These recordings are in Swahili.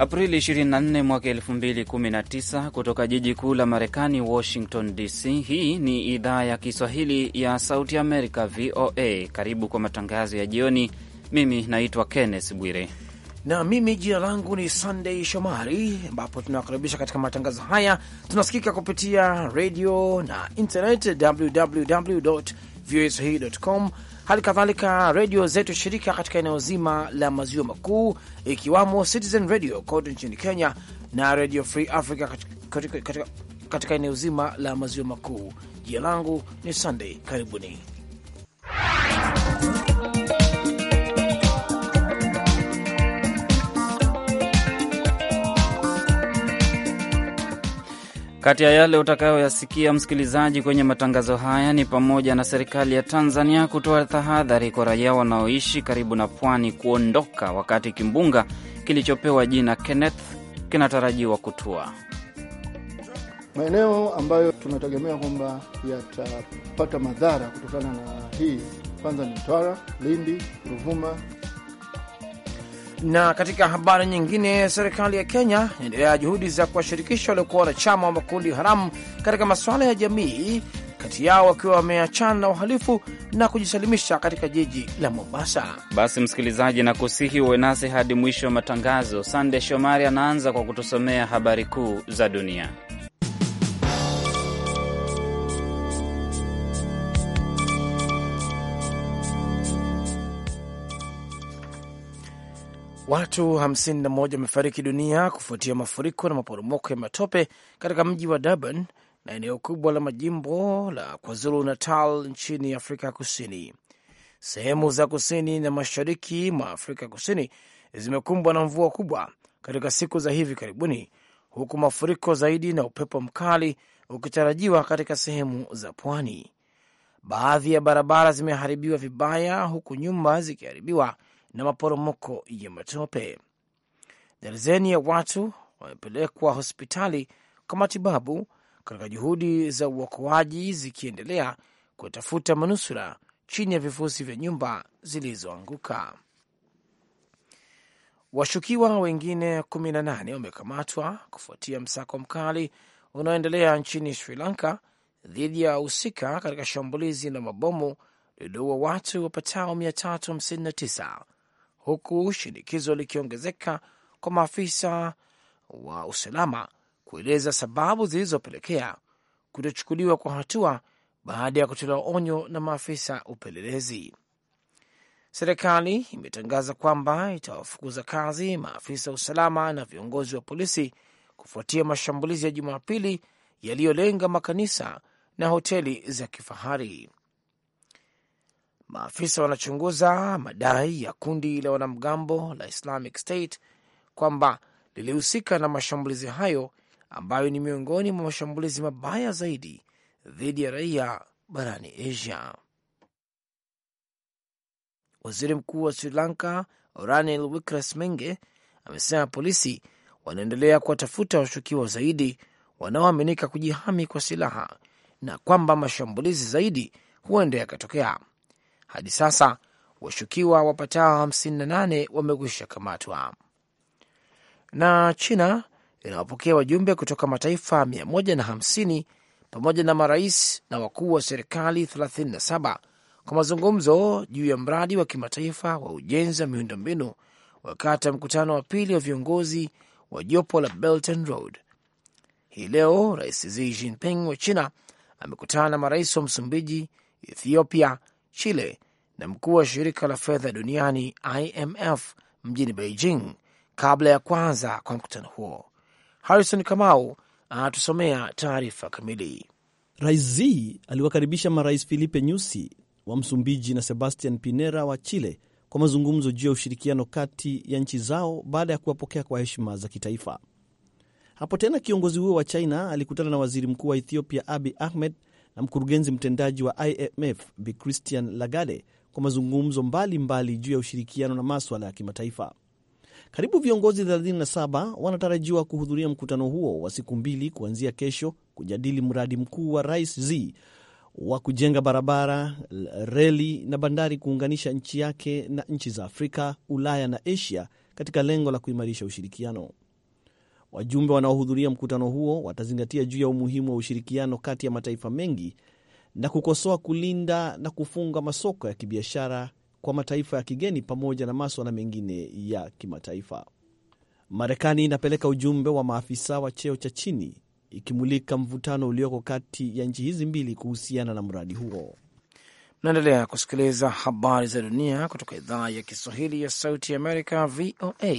Aprili 24 mwaka 2019, kutoka jiji kuu la Marekani, Washington DC. Hii ni idhaa ya Kiswahili ya Sauti Amerika, VOA. Karibu kwa matangazo ya jioni. Mimi naitwa Kenneth Bwire na mimi jina langu ni Sunday Shomari, ambapo tunawakaribisha katika matangazo haya. Tunasikika kupitia redio na internet www hali kadhalika redio zetu shirika katika eneo zima la maziwa makuu, ikiwamo Citizen Radio kote nchini Kenya na Radio Free Africa katika, katika, katika eneo zima la maziwa makuu. Jina langu ni Sunday, karibuni Kati ya yale utakayoyasikia msikilizaji, kwenye matangazo haya ni pamoja na serikali ya Tanzania kutoa tahadhari kwa raia wanaoishi karibu na pwani kuondoka wakati kimbunga kilichopewa jina Kenneth kinatarajiwa kutua maeneo ambayo tunategemea kwamba yatapata madhara kutokana na hii. Kwanza ni Mtwara, Lindi, Ruvuma, na katika habari nyingine, serikali ya Kenya inaendelea juhudi za kuwashirikisha waliokuwa wanachama wa makundi haramu katika masuala ya jamii, kati yao wakiwa wameachana na uhalifu na kujisalimisha katika jiji la Mombasa. Basi msikilizaji, na kusihi uwe nasi hadi mwisho wa matangazo. Sande Shomari anaanza kwa kutusomea habari kuu za dunia. Watu 51 wamefariki dunia kufuatia mafuriko na maporomoko ya matope katika mji wa Durban na eneo kubwa la majimbo la KwaZulu Natal nchini Afrika Kusini. Sehemu za kusini na mashariki mwa Afrika Kusini zimekumbwa na mvua kubwa katika siku za hivi karibuni, huku mafuriko zaidi na upepo mkali ukitarajiwa katika sehemu za pwani. Baadhi ya barabara zimeharibiwa vibaya, huku nyumba zikiharibiwa na maporomoko ya matope. Darzeni ya watu wamepelekwa hospitali kwa matibabu katika juhudi za uokoaji zikiendelea kutafuta manusura chini ya vifusi vya nyumba zilizoanguka. Washukiwa wengine 18 wamekamatwa kufuatia msako mkali unaoendelea nchini Sri Lanka dhidi ya wahusika katika shambulizi la mabomu lililoua watu wapatao 359 huku shinikizo likiongezeka kwa maafisa wa usalama kueleza sababu zilizopelekea kutochukuliwa kwa hatua baada ya kutolewa onyo na maafisa upelelezi. Serikali imetangaza kwamba itawafukuza kazi maafisa wa usalama na viongozi wa polisi kufuatia mashambulizi ya Jumapili yaliyolenga makanisa na hoteli za kifahari. Maafisa wanachunguza madai ya kundi la wanamgambo la Islamic State kwamba lilihusika na mashambulizi hayo ambayo ni miongoni mwa mashambulizi mabaya zaidi dhidi ya raia barani Asia. Waziri Mkuu wa Sri Lanka Ranil Wickremesinghe amesema polisi wanaendelea kuwatafuta washukiwa zaidi wanaoaminika kujihami kwa silaha na kwamba mashambulizi zaidi huenda yakatokea. Hadi sasa washukiwa wapatao 58 wamekwisha kamatwa. Na China inawapokea wajumbe kutoka mataifa 150 pamoja na marais na wakuu wa serikali 37 kwa mazungumzo juu ya mradi wa kimataifa wa ujenzi wa miundombinu wakati wa mkutano wa pili wa viongozi wa jopo la Belt and Road. Hii leo Rais Xi Jinping wa China amekutana na marais wa Msumbiji, Ethiopia, Chile na mkuu wa shirika la fedha duniani IMF mjini Beijing kabla ya kwanza kwa mkutano huo. Harrison Kamau anatusomea taarifa kamili. Rais Z aliwakaribisha marais Filipe Nyusi wa Msumbiji na Sebastian Pinera wa Chile kwa mazungumzo juu ya ushirikiano kati ya nchi zao baada ya kuwapokea kwa heshima za kitaifa. Hapo tena kiongozi huyo wa China alikutana na waziri mkuu wa Ethiopia Abi Ahmed na mkurugenzi mtendaji wa IMF Bi Christian Lagarde kwa mazungumzo mbalimbali juu ya ushirikiano na maswala ya kimataifa. Karibu viongozi 37 wanatarajiwa kuhudhuria mkutano huo wa siku mbili kuanzia kesho kujadili mradi mkuu wa Rais Z wa kujenga barabara, reli na bandari kuunganisha nchi yake na nchi za Afrika, Ulaya na Asia katika lengo la kuimarisha ushirikiano. Wajumbe wanaohudhuria mkutano huo watazingatia juu ya umuhimu wa ushirikiano kati ya mataifa mengi na kukosoa, kulinda na kufunga masoko ya kibiashara kwa mataifa ya kigeni pamoja na maswala mengine ya kimataifa. Marekani inapeleka ujumbe wa maafisa wa cheo cha chini ikimulika mvutano ulioko kati ya nchi hizi mbili kuhusiana na mradi huo. Mnaendelea kusikiliza habari za dunia kutoka idhaa ya Kiswahili ya Sauti ya Amerika, VOA,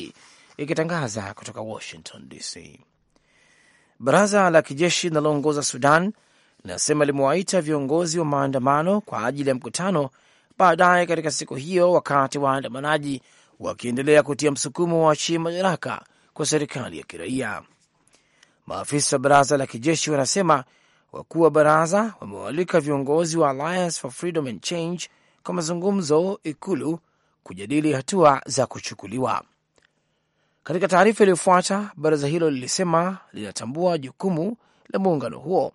ikitangaza kutoka Washington DC. Baraza la kijeshi linaloongoza Sudan linasema limewaita viongozi wa maandamano kwa ajili ya mkutano baadaye katika siku hiyo, wakati waandamanaji wakiendelea kutia msukumo wa chii madaraka kwa serikali ya kiraia. Maafisa wa baraza la kijeshi wanasema wakuu wa baraza wamewaalika viongozi wa Alliance for Freedom and Change kwa mazungumzo Ikulu kujadili hatua za kuchukuliwa. Katika taarifa iliyofuata, baraza hilo lilisema linatambua jukumu la muungano huo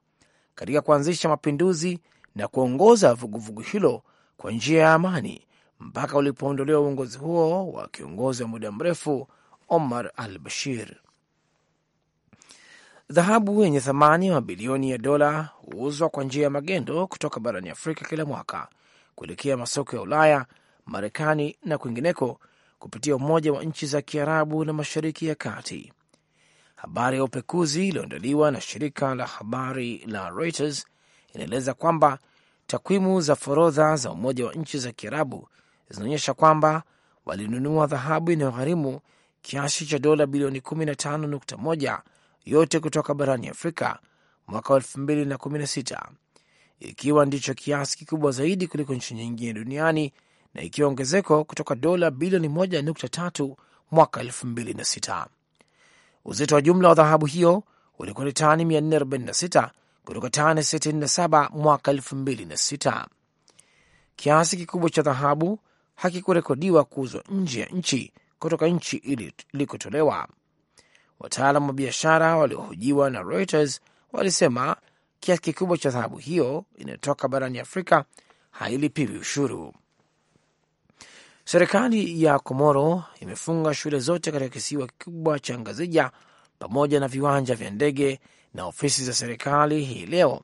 katika kuanzisha mapinduzi na kuongoza vuguvugu hilo kwa njia ya amani mpaka ulipoondolewa uongozi huo wa kiongozi wa muda mrefu Omar al Bashir. Dhahabu yenye thamani ya mabilioni ya dola huuzwa kwa njia ya magendo kutoka barani Afrika kila mwaka kuelekea masoko ya Ulaya, Marekani na kwingineko kupitia Umoja wa Nchi za Kiarabu na Mashariki ya Kati. Habari ya upekuzi iliyoandaliwa na shirika la habari la Reuters inaeleza kwamba takwimu za forodha za Umoja wa Nchi za Kiarabu zinaonyesha kwamba walinunua dhahabu inayogharimu kiasi cha dola bilioni 15.1 yote kutoka barani Afrika mwaka 2016 ikiwa ndicho kiasi kikubwa zaidi kuliko nchi nyingine duniani na ikiwa ongezeko kutoka dola bilioni 1.3 mwaka 2006. Uzito wa jumla wa dhahabu hiyo ulikuwa ni tani 446 kutoka tani 67 mwaka 2006. Kiasi kikubwa cha dhahabu hakikurekodiwa kuuzwa nje ya nchi kutoka nchi ilikotolewa. Wataalam wa biashara waliohojiwa na Reuters walisema kiasi kikubwa cha dhahabu hiyo inayotoka barani Afrika hailipiwi ushuru. Serikali ya Komoro imefunga shule zote katika kisiwa kikubwa cha Ngazija pamoja na viwanja vya ndege na ofisi za serikali hii leo,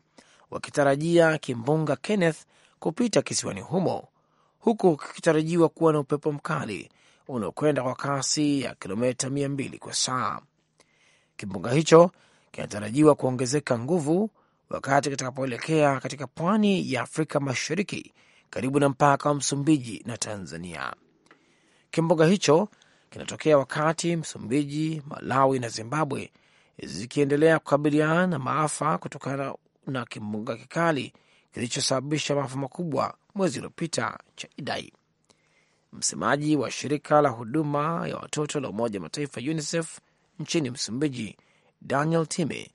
wakitarajia kimbunga Kenneth kupita kisiwani humo, huku kikitarajiwa kuwa na upepo mkali unaokwenda kwa kasi ya kilomita 200 kwa saa. Kimbunga hicho kinatarajiwa kuongezeka nguvu wakati kitakapoelekea katika pwani ya Afrika Mashariki karibu na mpaka wa Msumbiji na Tanzania. Kimbunga hicho kinatokea wakati Msumbiji, Malawi na Zimbabwe zikiendelea kukabiliana na maafa kutokana na kimbunga kikali kilichosababisha maafa makubwa mwezi uliopita cha Idai. Msemaji wa shirika la huduma ya watoto la Umoja wa Mataifa UNICEF nchini Msumbiji, Daniel Time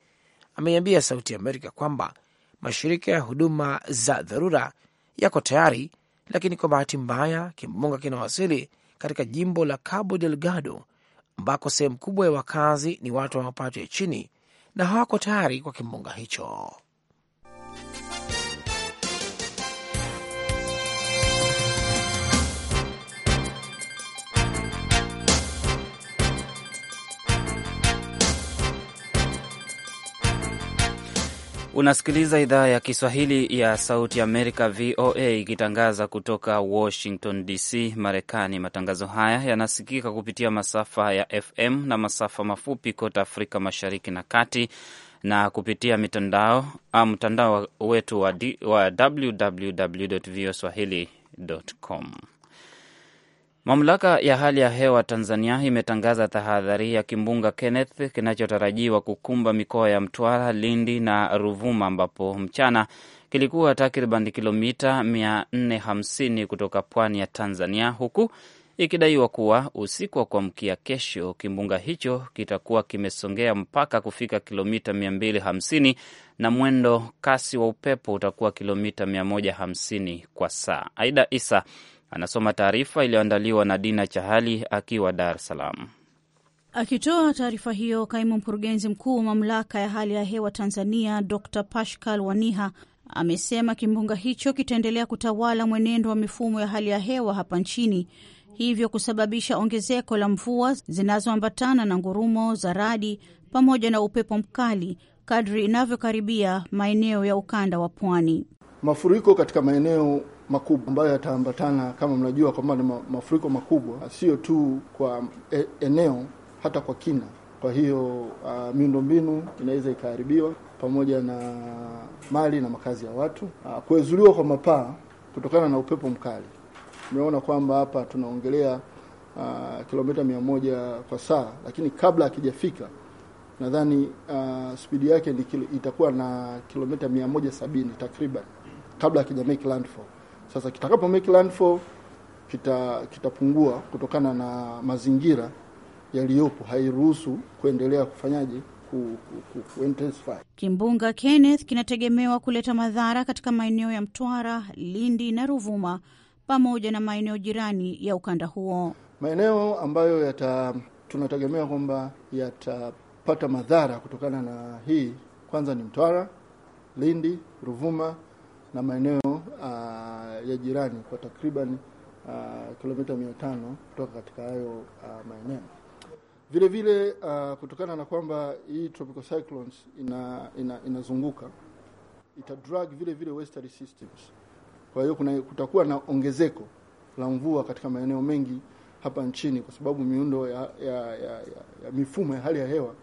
ameiambia Sauti ya Amerika kwamba mashirika ya huduma za dharura yako tayari, lakini kwa bahati mbaya kimbunga kinawasili katika jimbo la Cabo Delgado ambako sehemu kubwa ya wakazi ni watu wa mapato ya chini na hawako tayari kwa kimbunga hicho. Unasikiliza idhaa ya Kiswahili ya Sauti Amerika, VOA, ikitangaza kutoka Washington DC, Marekani. Matangazo haya yanasikika kupitia masafa ya FM na masafa mafupi kote Afrika Mashariki na Kati, na kupitia mitandao ah, mtandao wetu wa, wa www voaswahili.com. Mamlaka ya hali ya hewa Tanzania imetangaza tahadhari ya kimbunga Kenneth kinachotarajiwa kukumba mikoa ya Mtwara, Lindi na Ruvuma, ambapo mchana kilikuwa takriban kilomita 450 kutoka pwani ya Tanzania, huku ikidaiwa kuwa usiku wa kuamkia kesho kimbunga hicho kitakuwa kimesongea mpaka kufika kilomita 250 na mwendo kasi wa upepo utakuwa kilomita 150 kwa saa. Aida Isa Anasoma taarifa iliyoandaliwa na Dina Chahali akiwa Dar es Salaam. Akitoa taarifa hiyo, kaimu mkurugenzi mkuu wa mamlaka ya hali ya hewa Tanzania Dr Pascal Waniha amesema kimbunga hicho kitaendelea kutawala mwenendo wa mifumo ya hali ya hewa hapa nchini, hivyo kusababisha ongezeko la mvua zinazoambatana na ngurumo za radi pamoja na upepo mkali kadri inavyokaribia maeneo ya ukanda wa pwani. Mafuriko katika maeneo makubwa ambayo yataambatana, kama mnajua kwamba ni mafuriko makubwa, sio tu kwa e, eneo, hata kwa kina. Kwa hiyo uh, miundombinu inaweza ikaharibiwa pamoja na mali na makazi ya watu. Uh, kuezuliwa kwa mapaa kutokana na upepo mkali, umeona kwamba hapa tunaongelea uh, kilomita mia moja kwa saa, lakini kabla akijafika nadhani uh, spidi yake itakuwa na kilomita mia moja sabini takriban kabla akija landfall. Sasa kitakapo make landfall kita kitapungua kutokana na mazingira yaliyopo, hairuhusu kuendelea kufanyaje ku, ku, ku, intensify. Kimbunga Kenneth kinategemewa kuleta madhara katika maeneo ya Mtwara, Lindi na Ruvuma pamoja na maeneo jirani ya ukanda huo, maeneo ambayo yata tunategemea kwamba yatapata madhara kutokana na hii. Kwanza ni Mtwara, Lindi, Ruvuma na maeneo uh, ya jirani kwa takriban uh, kilomita mia tano kutoka katika hayo uh, maeneo. Vile vile uh, kutokana na kwamba hii tropical cyclones ina, ina, inazunguka ita drag vile vile westerly systems. Kwa hiyo kuna kutakuwa na ongezeko la mvua katika maeneo mengi hapa nchini kwa sababu miundo ya, ya, ya, ya, ya mifumo ya hali ya hewa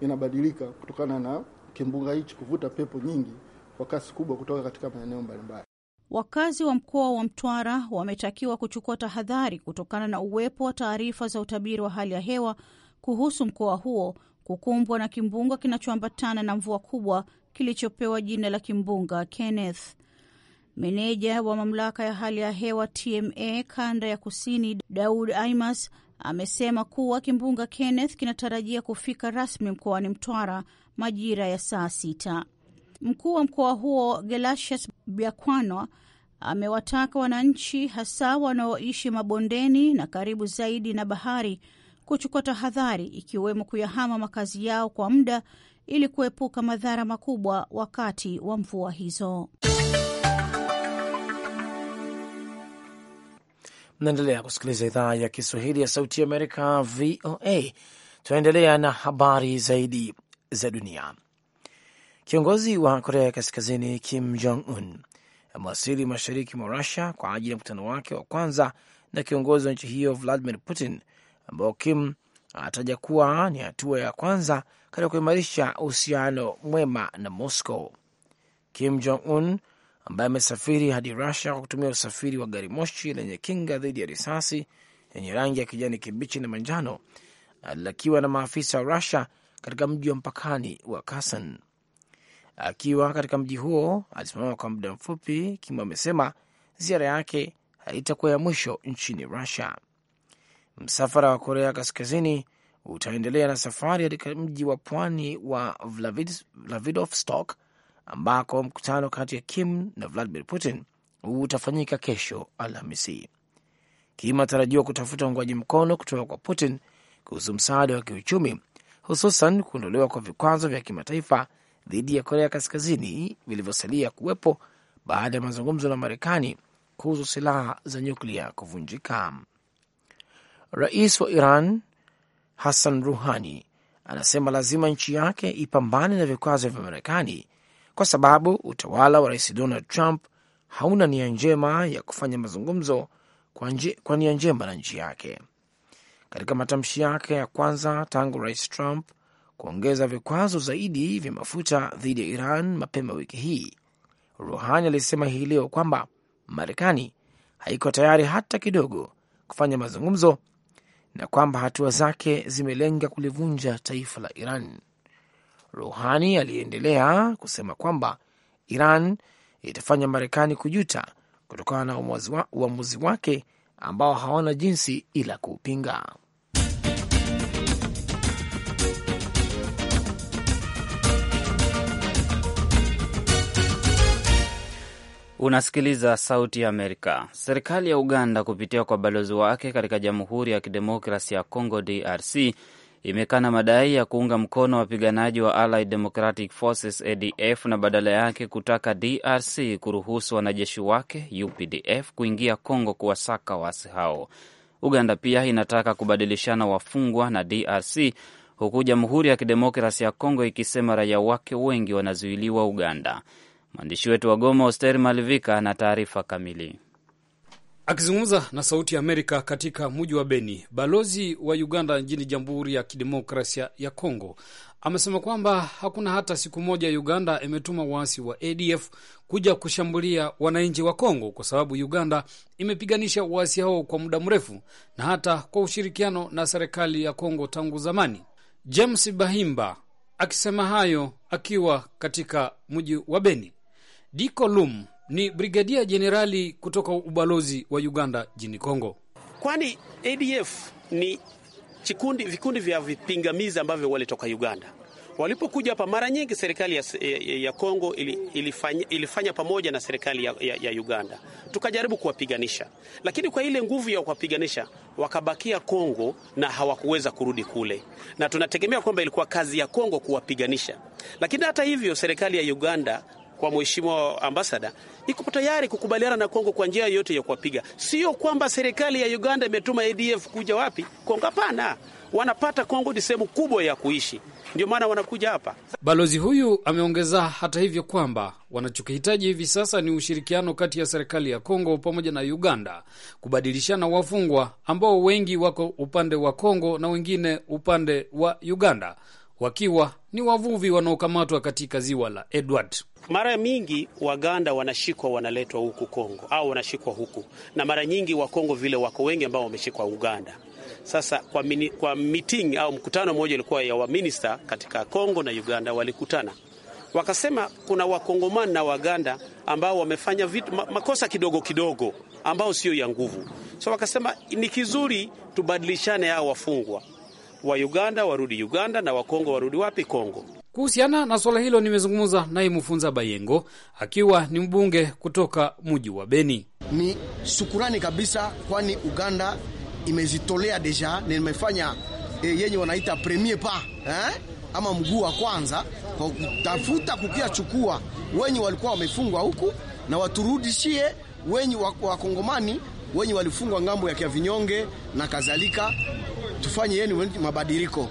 inabadilika kutokana na kimbunga hichi kuvuta pepo nyingi kwa kasi kubwa kutoka katika maeneo mbalimbali. Wakazi wa mkoa wa Mtwara wametakiwa kuchukua tahadhari kutokana na uwepo wa taarifa za utabiri wa hali ya hewa kuhusu mkoa huo kukumbwa na kimbunga kinachoambatana na mvua kubwa kilichopewa jina la kimbunga Kenneth. Meneja wa mamlaka ya hali ya hewa TMA kanda ya kusini, Daud Aimas, amesema kuwa kimbunga Kenneth kinatarajia kufika rasmi mkoani Mtwara majira ya saa sita. Mkuu wa mkoa huo Gelasius Byakwanwa amewataka wananchi hasa wanaoishi mabondeni na karibu zaidi na bahari kuchukua tahadhari, ikiwemo kuyahama makazi yao kwa muda ili kuepuka madhara makubwa wakati wa mvua hizo. Mnaendelea kusikiliza idhaa ya Kiswahili ya Sauti ya Amerika, VOA. Tunaendelea na habari zaidi za dunia. Kiongozi wa Korea ya Kaskazini Kim Jong Un amewasili mashariki mwa Rusia kwa ajili ya mkutano wake wa kwanza na kiongozi wa nchi hiyo Vladimir Putin, ambao Kim anataja kuwa ni hatua ya kwanza katika kuimarisha uhusiano mwema na Moscow. Kim Jong Un ambaye amesafiri hadi Rusia kwa kutumia usafiri wa gari moshi lenye kinga dhidi ya risasi yenye rangi ya kijani kibichi na manjano, alilakiwa na maafisa wa Rusia katika mji wa mpakani wa Kasan. Akiwa katika mji huo alisimama kwa muda mfupi. Kim amesema ziara yake haitakuwa ya mwisho nchini Rusia. Msafara wa Korea Kaskazini utaendelea na safari katika mji wa pwani wa Vladivostok ambako mkutano kati ya Kim na Vladimir Putin utafanyika kesho Alhamisi. Kim atarajiwa kutafuta uungwaji mkono kutoka kwa Putin kuhusu msaada wa kiuchumi, hususan kuondolewa kwa vikwazo vya kimataifa dhidi ya Korea Kaskazini vilivyosalia kuwepo baada ya mazungumzo na Marekani kuhusu silaha za nyuklia kuvunjika. Rais wa Iran Hassan Ruhani anasema lazima nchi yake ipambane na vikwazo vya Marekani kwa sababu utawala wa Rais Donald Trump hauna nia njema ya kufanya mazungumzo kwa nia njema na nchi yake. Katika matamshi yake ya kwanza tangu Rais Trump kuongeza vikwazo zaidi vya mafuta dhidi ya Iran mapema wiki hii, Ruhani alisema hii leo kwamba Marekani haiko tayari hata kidogo kufanya mazungumzo na kwamba hatua zake zimelenga kulivunja taifa la Iran. Ruhani aliendelea kusema kwamba Iran itafanya Marekani kujuta kutokana na uamuzi wake ambao hawana jinsi ila kuupinga. Unasikiliza Sauti ya Amerika. Serikali ya Uganda kupitia kwa balozi wake katika Jamhuri ya Kidemokrasi ya Congo, DRC, imekana madai ya kuunga mkono wapiganaji wa Allied Democratic Forces, ADF, na badala yake kutaka DRC kuruhusu wanajeshi wake UPDF kuingia Congo kuwasaka waasi hao. Uganda pia inataka kubadilishana wafungwa na DRC, huku Jamhuri ya Kidemokrasi ya Congo ikisema raia wake wengi wanazuiliwa Uganda. Mwandishi wetu wa Goma, Oster Malivika, ana taarifa kamili. Akizungumza na Sauti ya Amerika katika mji wa Beni, balozi wa Uganda nchini Jamhuri ya Kidemokrasia ya Kongo amesema kwamba hakuna hata siku moja Uganda imetuma waasi wa ADF kuja kushambulia wananchi wa Kongo, kwa sababu Uganda imepiganisha waasi hao kwa muda mrefu na hata kwa ushirikiano na serikali ya Kongo tangu zamani. James Bahimba akisema hayo akiwa katika mji wa Beni diko lum ni brigadia jenerali kutoka ubalozi wa Uganda jini Kongo. Kwani ADF ni chikundi, vikundi vya vipingamizi ambavyo walitoka Uganda walipokuja hapa. Mara nyingi serikali ya, ya Kongo ilifanya, ilifanya pamoja na serikali ya, ya, ya Uganda, tukajaribu kuwapiganisha, lakini kwa ile nguvu ya kuwapiganisha wakabakia Kongo na hawakuweza kurudi kule, na tunategemea kwamba ilikuwa kazi ya Kongo kuwapiganisha. Lakini hata hivyo serikali ya Uganda kwa mheshimiwa ambasada iko tayari kukubaliana na Kongo kwa njia yote ya kuwapiga. Sio kwamba serikali ya Uganda imetuma ADF kuja wapi Kongo, hapana. Wanapata Kongo ni sehemu kubwa ya kuishi, ndio maana wanakuja hapa. Balozi huyu ameongeza hata hivyo kwamba wanachokihitaji hivi sasa ni ushirikiano kati ya serikali ya Kongo pamoja na Uganda kubadilishana wafungwa ambao wengi wako upande wa Kongo na wengine upande wa Uganda wakiwa ni wavuvi wanaokamatwa katika ziwa la Edward. Mara mingi Waganda wanashikwa wanaletwa huku Kongo au wanashikwa huku, na mara nyingi Wakongo vile wako wengi ambao wameshikwa Uganda. Sasa kwa, mini, kwa meeting au mkutano mmoja ulikuwa ya waminista katika Kongo na Uganda walikutana wakasema kuna wakongomani na waganda ambao wamefanya vitu, makosa kidogo kidogo ambao sio ya nguvu, so wakasema ni kizuri tubadilishane hao wafungwa wa Uganda warudi Uganda na Wakongo warudi wapi? Kongo. Kuhusiana na suala hilo nimezungumza naye Mufunza Bayengo akiwa ni mbunge kutoka mji wa Beni. Ni shukurani kabisa, kwani Uganda imejitolea deja nimefanya e, eh, yenye wanaita premier pa eh? ama mguu wa kwanza kwa kutafuta kukia chukua wenye walikuwa wamefungwa huku na waturudishie wenye wakongomani wenye walifungwa ngambo ya kiavinyonge na kadhalika tufanye yenu mabadiliko,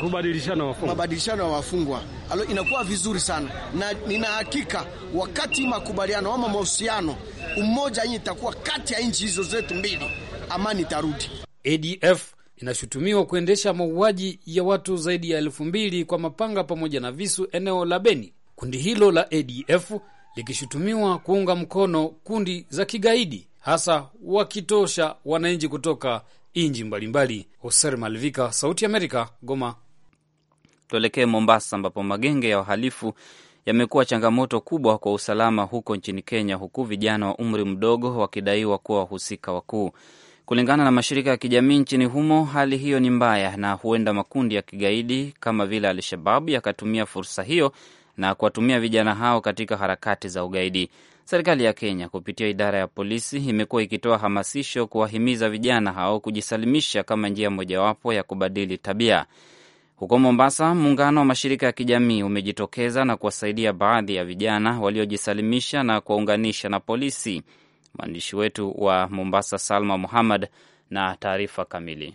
kubadilishana wafungwa, mabadilishano ya wafungwa alo, inakuwa vizuri sana, na nina hakika wakati makubaliano ama mahusiano umoja yenye itakuwa kati ya nchi hizo zetu mbili, amani itarudi. ADF inashutumiwa kuendesha mauaji ya watu zaidi ya elfu mbili kwa mapanga pamoja na visu eneo la Beni, kundi hilo la ADF likishutumiwa kuunga mkono kundi za kigaidi hasa wakitosha wananchi kutoka nchi mbalimbali. Hoser Malvika, Sauti ya Amerika, Goma. Tuelekee Mombasa ambapo magenge ya wahalifu yamekuwa changamoto kubwa kwa usalama huko nchini Kenya, huku vijana wa umri mdogo wakidaiwa kuwa wahusika wakuu. Kulingana na mashirika ya kijamii nchini humo, hali hiyo ni mbaya na huenda makundi ya kigaidi kama vile Al-Shababu yakatumia fursa hiyo na kuwatumia vijana hao katika harakati za ugaidi. Serikali ya Kenya kupitia idara ya polisi imekuwa ikitoa hamasisho kuwahimiza vijana hao kujisalimisha kama njia mojawapo ya kubadili tabia. Huko Mombasa, muungano wa mashirika ya kijamii umejitokeza na kuwasaidia baadhi ya vijana waliojisalimisha na kuwaunganisha na polisi. Mwandishi wetu wa Mombasa, Salma Muhammad, na taarifa kamili.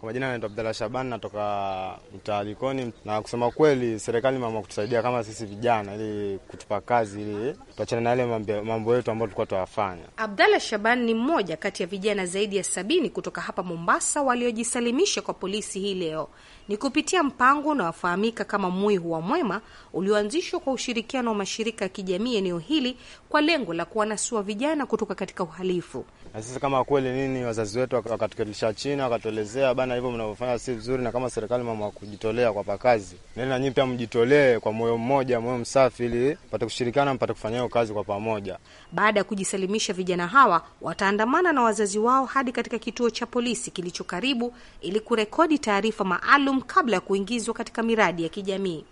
Kwa majina naitwa Abdalla Shaban, natoka mtaa Likoni, na kusema kweli, serikali mama kutusaidia kama sisi vijana, ili kutupa kazi, ili tuachane na yale mambo yetu ambayo tulikuwa tunayafanya. Abdalla Shaban ni mmoja kati ya vijana zaidi ya sabini kutoka hapa Mombasa waliojisalimisha kwa polisi hii leo ni kupitia mpango unaofahamika kama Mwihu wa Mwema ulioanzishwa kwa ushirikiano wa mashirika ya kijamii eneo hili kwa lengo la kuwanasua vijana kutoka katika uhalifu na sisi kama kweli nini wazazi wetu wakatukelisha chini, wakatuelezea bana, hivyo mnavyofanya si vizuri, na kama serikali mama wakujitolea kwa pakazi nani, nanyi pia mjitolee kwa moyo mmoja, moyo msafi, ili mpate kushirikiana, mpate kufanya hiyo kazi kwa pamoja. Baada ya kujisalimisha, vijana hawa wataandamana na wazazi wao hadi katika kituo cha polisi kilicho karibu ili kurekodi taarifa maalum kabla ya kuingizwa katika miradi ya kijamii.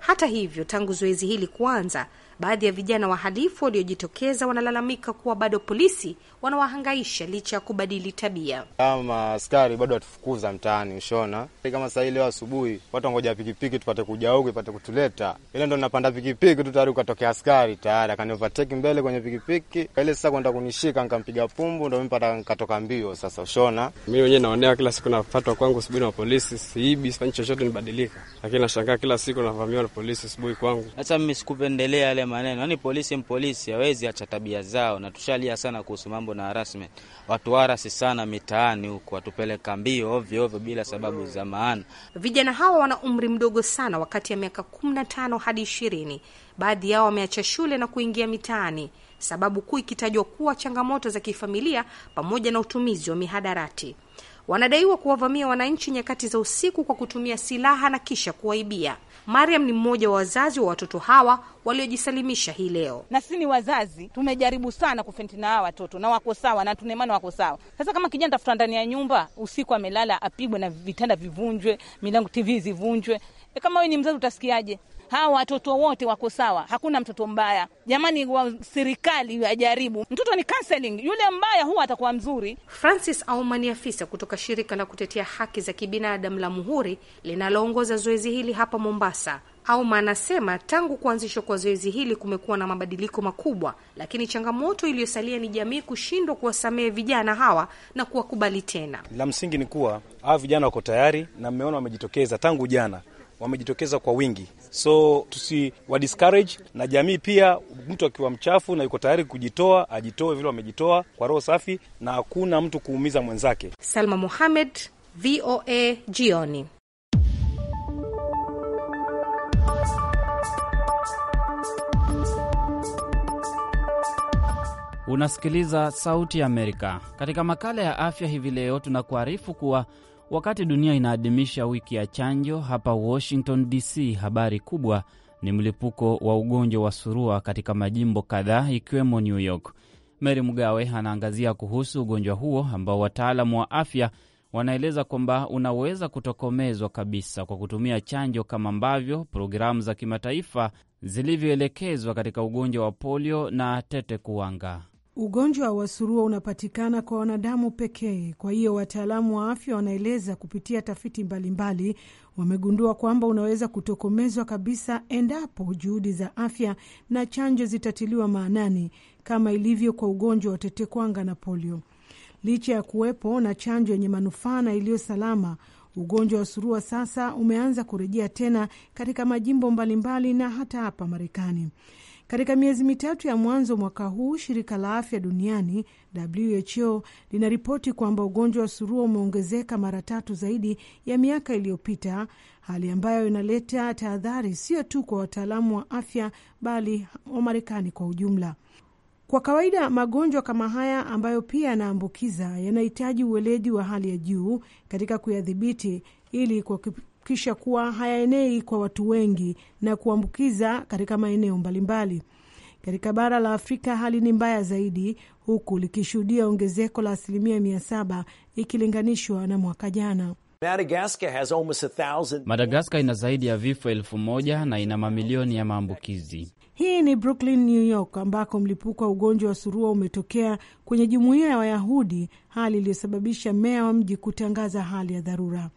Hata hivyo, tangu zoezi hili kuanza Baadhi ya vijana wahalifu waliojitokeza wanalalamika kuwa bado polisi wanawahangaisha licha ya kubadili tabia. Kama askari bado watufukuza mtaani, ushona kama sahii leo asubuhi watu wangoja pikipiki tupate kuja huku ipate kutuleta, ile ndo napanda pikipiki tu tayari, ukatokea askari tayari akani overtake mbele kwenye pikipiki ile, sasa kwenda kunishika, nkampiga pumbu, ndo mipata nkatoka mbio. Sasa ushona, mi wenyewe naonewa kila siku napatwa kwangu subuhi na polisi, siibi, sifanyi chochote, nibadilika, lakini nashangaa kila siku navamiwa na polisi subuhi kwangu. Hata mimi sikupendelea yale maneno, yaani polisi mpolisi hawezi acha tabia zao, na tushalia sana kuhusu mambo na harassment. Watu harasi sana mitaani huku, watupeleka mbio ovyo ovyo bila sababu za maana. Vijana hawa wana umri mdogo sana, wakati ya miaka 15 hadi 20. Baadhi yao wameacha shule na kuingia mitaani, sababu kuu ikitajwa kuwa changamoto za kifamilia pamoja na utumizi wa mihadarati wanadaiwa kuwavamia wananchi nyakati za usiku kwa kutumia silaha na kisha kuwaibia. Mariam ni mmoja wa wazazi wa watoto hawa waliojisalimisha hii leo. Na sisi ni wazazi, tumejaribu sana kufentina hawa watoto na wako sawa, na tunaimani wako sawa. Sasa kama kijana tafuta ndani ya nyumba usiku amelala, apigwe na vitanda vivunjwe, milango TV zivunjwe, e, kama wewe ni mzazi utasikiaje? hawa watoto wote wako sawa, hakuna mtoto mbaya. Jamani, wa serikali wajaribu, mtoto ni counseling, yule mbaya huwa atakuwa mzuri. Francis Auma ni afisa kutoka shirika la kutetea haki za kibinadamu la Muhuri linaloongoza zoezi hili hapa Mombasa. Auma anasema tangu kuanzishwa kwa zoezi hili kumekuwa na mabadiliko makubwa, lakini changamoto iliyosalia ni jamii kushindwa kuwasamehe vijana hawa na kuwakubali tena. La msingi ni kuwa hawa vijana wako tayari na mmeona wamejitokeza tangu jana wamejitokeza kwa wingi, so tusiwa discourage. Na jamii pia, mtu akiwa mchafu na yuko tayari kujitoa ajitoe vile wamejitoa kwa roho safi, na hakuna mtu kuumiza mwenzake. Salma Muhamed, VOA jioni. Unasikiliza Sauti ya Amerika. Katika makala ya afya hivi leo, tunakuarifu kuwa Wakati dunia inaadhimisha wiki ya chanjo, hapa Washington DC habari kubwa ni mlipuko wa ugonjwa wa surua katika majimbo kadhaa ikiwemo New York. Mary Mgawe anaangazia kuhusu ugonjwa huo ambao wataalamu wa afya wanaeleza kwamba unaweza kutokomezwa kabisa kwa kutumia chanjo kama ambavyo programu za kimataifa zilivyoelekezwa katika ugonjwa wa polio na tete kuwanga. Ugonjwa wa surua unapatikana kwa wanadamu pekee. Kwa hiyo wataalamu wa afya wanaeleza kupitia tafiti mbalimbali mbali, wamegundua kwamba unaweza kutokomezwa kabisa endapo juhudi za afya na chanjo zitatiliwa maanani, kama ilivyo kwa ugonjwa wa tetekwanga na polio. Licha ya kuwepo na chanjo yenye manufaa na iliyo salama, ugonjwa wa surua sasa umeanza kurejea tena katika majimbo mbalimbali mbali na hata hapa Marekani. Katika miezi mitatu ya mwanzo mwaka huu, shirika la afya duniani WHO linaripoti kwamba ugonjwa wa surua umeongezeka mara tatu zaidi ya miaka iliyopita, hali ambayo inaleta tahadhari sio tu kwa wataalamu wa afya, bali Wamarekani kwa ujumla. Kwa kawaida magonjwa kama haya ambayo pia yanaambukiza yanahitaji uweledi wa hali ya juu katika kuyadhibiti ili kuhakikisha kuwa hayaenei kwa watu wengi na kuambukiza katika maeneo mbalimbali. Katika bara la Afrika hali ni mbaya zaidi, huku likishuhudia ongezeko la asilimia mia saba ikilinganishwa na mwaka jana. Madagaskar ina zaidi ya vifo elfu moja na ina mamilioni ya maambukizi. Hii ni Brooklyn, New York, ambako mlipuko wa ugonjwa wa surua umetokea kwenye jumuiya ya Wayahudi, hali iliyosababisha meya wa mji kutangaza hali ya dharura.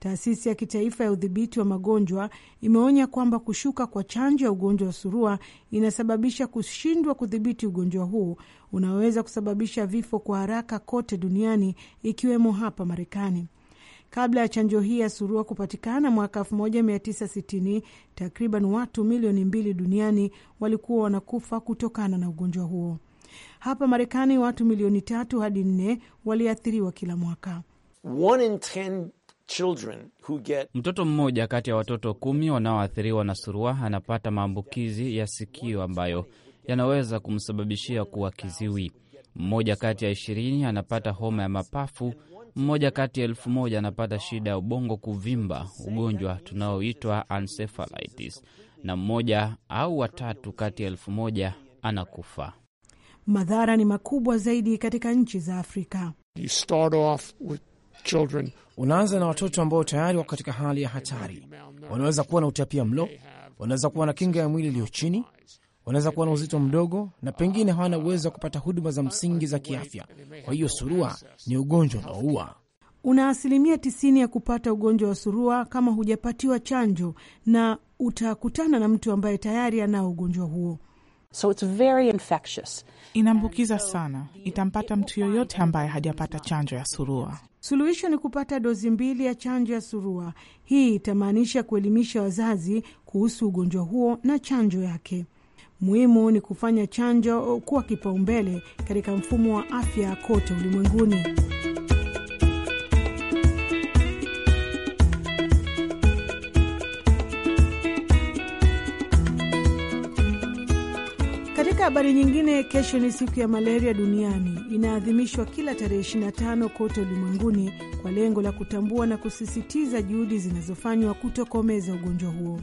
Taasisi ya kitaifa ya udhibiti wa magonjwa imeonya kwamba kushuka kwa chanjo ya ugonjwa wa surua inasababisha kushindwa kudhibiti ugonjwa huu unaoweza kusababisha vifo kwa haraka kote duniani ikiwemo hapa Marekani. Kabla ya chanjo hii ya surua kupatikana mwaka 1960 takriban watu milioni mbili duniani walikuwa wanakufa kutokana na ugonjwa huo. Hapa Marekani watu milioni tatu hadi nne waliathiriwa kila mwaka. One in ten Children who get... mtoto mmoja kati ya watoto kumi wanaoathiriwa na surua anapata maambukizi ya sikio ambayo yanaweza kumsababishia kuwa kiziwi. Mmoja kati ya ishirini anapata homa ya mapafu. Mmoja kati ya elfu moja anapata shida ya ubongo kuvimba, ugonjwa tunaoitwa encephalitis, na mmoja au watatu kati ya elfu moja anakufa. Madhara ni makubwa zaidi katika nchi za Afrika. You start off with children. Unaanza na watoto ambao tayari wako katika hali ya hatari, wanaweza kuwa na utapia mlo, wanaweza kuwa na kinga ya mwili iliyo chini, wanaweza kuwa na uzito mdogo, na pengine hawana uwezo wa kupata huduma za msingi za kiafya. Kwa hiyo surua ni ugonjwa unaoua. Una asilimia tisini ya kupata ugonjwa wa surua kama hujapatiwa chanjo, na utakutana na mtu ambaye tayari anao ugonjwa huo. So it's very infectious. Inaambukiza sana, itampata mtu yoyote ambaye hajapata chanjo ya surua. Suluhisho ni kupata dozi mbili ya chanjo ya surua. Hii itamaanisha kuelimisha wazazi kuhusu ugonjwa huo na chanjo yake. Muhimu ni kufanya chanjo kuwa kipaumbele katika mfumo wa afya kote ulimwenguni. habari nyingine, kesho ni siku ya malaria duniani. Inaadhimishwa kila tarehe 25 kote ulimwenguni kwa lengo la kutambua na kusisitiza juhudi zinazofanywa kutokomeza ugonjwa huo.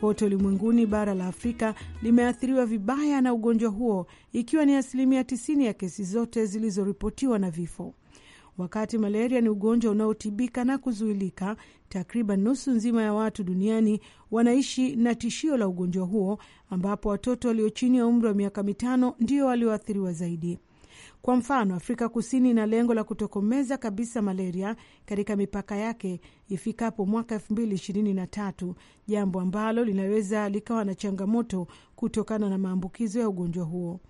Kote ulimwenguni, bara la Afrika limeathiriwa vibaya na ugonjwa huo, ikiwa ni asilimia 90 ya kesi zote zilizoripotiwa na vifo. Wakati malaria ni ugonjwa unaotibika na kuzuilika, takriban nusu nzima ya watu duniani wanaishi na tishio la ugonjwa huo, ambapo watoto walio chini ya umri wa miaka mitano ndio walioathiriwa zaidi. Kwa mfano, Afrika Kusini ina lengo la kutokomeza kabisa malaria katika mipaka yake ifikapo mwaka elfu mbili ishirini na tatu, jambo ambalo linaweza likawa na changamoto kutokana na maambukizo ya ugonjwa huo.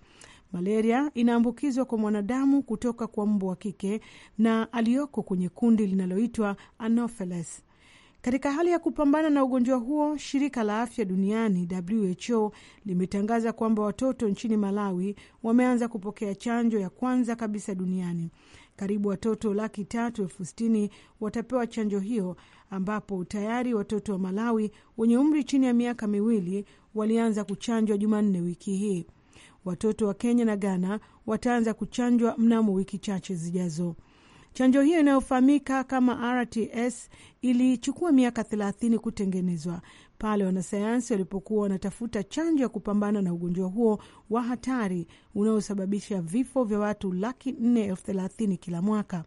Malaria inaambukizwa kwa mwanadamu kutoka kwa mbu wa kike na aliyoko kwenye kundi linaloitwa Anopheles. Katika hali ya kupambana na ugonjwa huo, shirika la afya duniani WHO limetangaza kwamba watoto nchini Malawi wameanza kupokea chanjo ya kwanza kabisa duniani. Karibu watoto laki tatu elfu sitini watapewa chanjo hiyo, ambapo tayari watoto wa Malawi wenye umri chini ya miaka miwili walianza kuchanjwa Jumanne wiki hii. Watoto wa Kenya na Ghana wataanza kuchanjwa mnamo wiki chache zijazo. Chanjo hiyo inayofahamika kama RTS ilichukua miaka 30 kutengenezwa pale wanasayansi walipokuwa wanatafuta chanjo ya kupambana na ugonjwa huo wa hatari unaosababisha vifo vya watu laki nne elfu thelathini kila mwaka.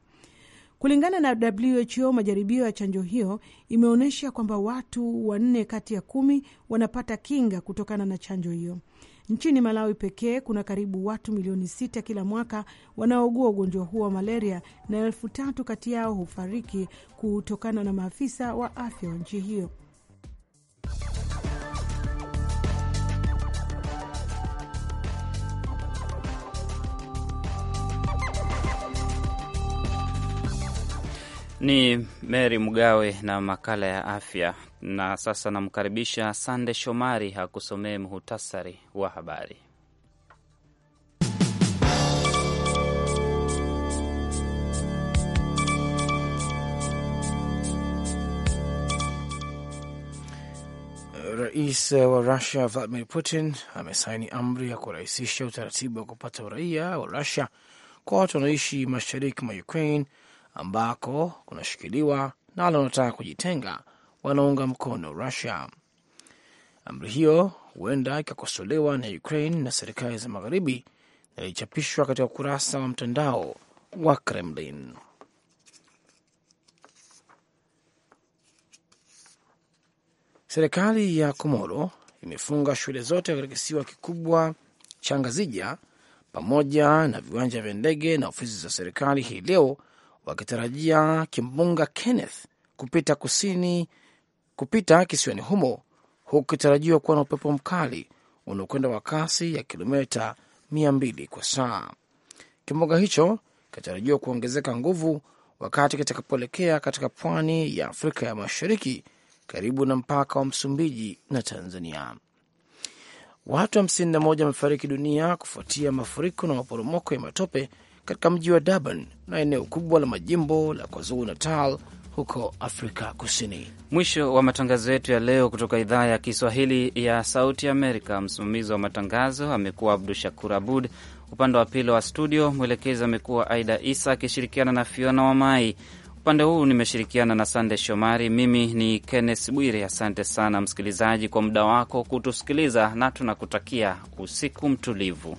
Kulingana na WHO, majaribio ya chanjo hiyo imeonyesha kwamba watu wanne kati ya kumi wanapata kinga kutokana na chanjo hiyo. Nchini Malawi pekee kuna karibu watu milioni sita kila mwaka wanaougua ugonjwa huo wa malaria na elfu tatu kati yao hufariki kutokana na maafisa wa afya wa nchi hiyo. Ni Mary Mgawe na makala ya afya na sasa namkaribisha Sande Shomari akusomee muhutasari wa habari. Rais wa Rusia Vladimir Putin amesaini amri ya kurahisisha utaratibu wa kupata uraia wa Rusia kwa watu wanaoishi mashariki mwa Ukraine ambako kunashikiliwa nalo wanataka kujitenga wanaunga mkono Rusia. Amri hiyo huenda ikakosolewa na Ukraine na serikali za Magharibi, na ilichapishwa katika ukurasa wa mtandao wa Kremlin. Serikali ya Komoro imefunga shule zote katika kisiwa kikubwa cha Ngazija pamoja na viwanja vya ndege na ofisi za serikali hii leo, wakitarajia kimbunga Kenneth kupita kusini kupita kisiwani humo huku kitarajiwa kuwa na upepo mkali unaokwenda kwa kasi ya kilomita 200 kwa saa. Kimbunga hicho kinatarajiwa kuongezeka nguvu wakati kitakapoelekea katika pwani ya Afrika ya Mashariki karibu na mpaka wa Msumbiji na Tanzania. Watu 51 wamefariki dunia kufuatia mafuriko na maporomoko ya matope katika mji wa Durban na eneo kubwa la majimbo la KwaZulu Natal huko Afrika Kusini. Mwisho wa matangazo yetu ya leo kutoka idhaa ya Kiswahili ya Sauti Amerika. Msimamizi wa matangazo amekuwa Abdu Shakur Abud, upande wa pili wa studio mwelekezi amekuwa Aida Isa akishirikiana na Fiona Wamai. Upande huu nimeshirikiana na Sande Shomari. Mimi ni Kenneth Bwire. Asante sana msikilizaji kwa muda wako kutusikiliza, na tunakutakia usiku mtulivu.